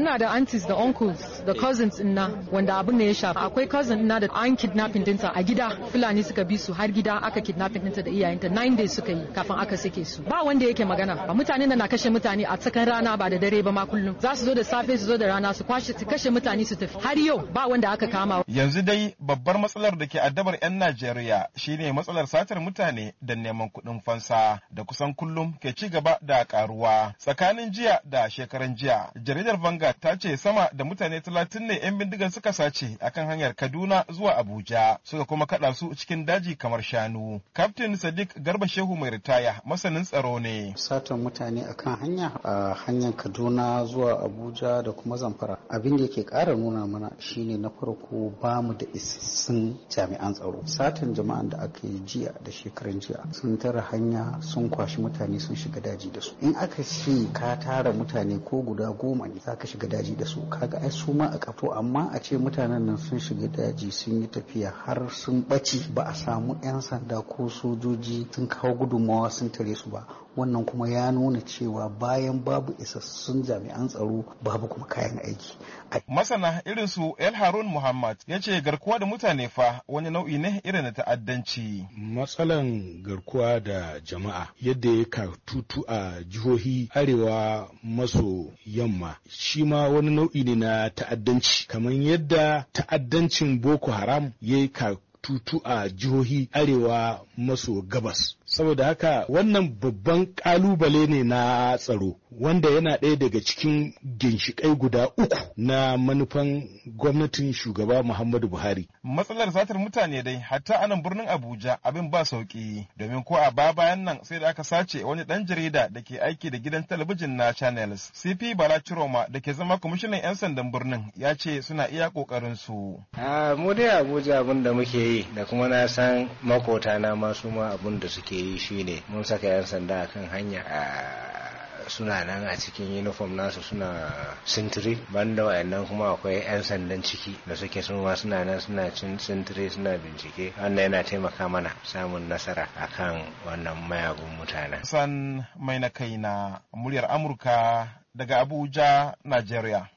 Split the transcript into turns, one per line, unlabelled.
No, the aunties the uncles cousins da cousins wanda abin ne ya shafa akwai cousin ina da an kidnapping dinta a gida fulani suka bi su har gida aka kidnapping dinta da iyayenta nine days suka yi kafin aka sake su ba wanda yake magana ba mutane na kashe mutane a tsakan rana ba da dare ba ma kullum za su zo da safe su zo da rana su kwashe su kashe mutane su tafi har yau ba wanda aka kama
yanzu dai babbar matsalar da ke addabar yan Najeriya shine matsalar satar mutane da neman kuɗin fansa da kusan kullum ke ci gaba da karuwa tsakanin jiya da shekaran jiya jaridar Vanga ta ce sama da mutane talatin ne 'yan bindigar suka sace akan hanyar Kaduna zuwa Abuja suka kuma kaɗa su cikin daji kamar shanu. Kaftin Sadiq Garba Shehu mai ritaya
masanin tsaro ne. Satan mutane akan hanya a hanyar Kaduna zuwa Abuja da kuma Zamfara. abin da yake ƙara nuna mana shine na farko ba mu da isassun jami'an tsaro satin jama'an da aka yi jiya da shekaran jiya sun tara hanya sun kwashi mutane sun shiga daji da su in aka ce ka tara mutane ko guda goma ne za ka shiga daji da su kaga ai su ma a kafo amma a ce mutanen nan sun shiga daji sun yi tafiya har sun ɓaci ba a samu 'yan sanda ko sojoji sun kawo gudummawa sun tare su ba wannan kuma ya nuna cewa bayan babu isassun jami'an tsaro babu kuma kayan aiki Masana irin su El Harun Muhammad ya ce garkuwa da mutane fa
wani nau'i ne irin na ta'addanci. Matsalan garkuwa da jama'a yadda ya ka tutu a jihohi arewa maso yamma shi ma wani nau'i ne na ta'addanci kamar yadda ta'addancin Boko Haram ya ka tutu a jihohi arewa maso gabas saboda haka wannan babban kalubale ne na tsaro wanda yana ɗaya daga cikin ginshiƙai guda uku na manufan gwamnatin shugaba muhammadu buhari
matsalar satar mutane dai hatta anan birnin abuja abin ba sauƙi domin ko a ba bayan nan sai da aka sace wani ɗan jarida da ke aiki da gidan talabijin na channels cp bala ciroma da ke zama kwamishinan 'yan sandan birnin ya ce suna iya ƙoƙarin su
ah, mu dai abuja abin da muke yi eh, da kuma na san makota na masu ma abun da suke yi shine mun saka 'yan sanda kan hanya a suna nan a cikin uniform nasu suna sintiri banda wayannan kuma akwai 'yan sandan ciki da suke suma suna nan suna cin sintiri suna bincike wannan yana taimaka mana samun nasara akan wannan mayagun mutanen.
san mai na kai na muryar amurka daga abuja nigeria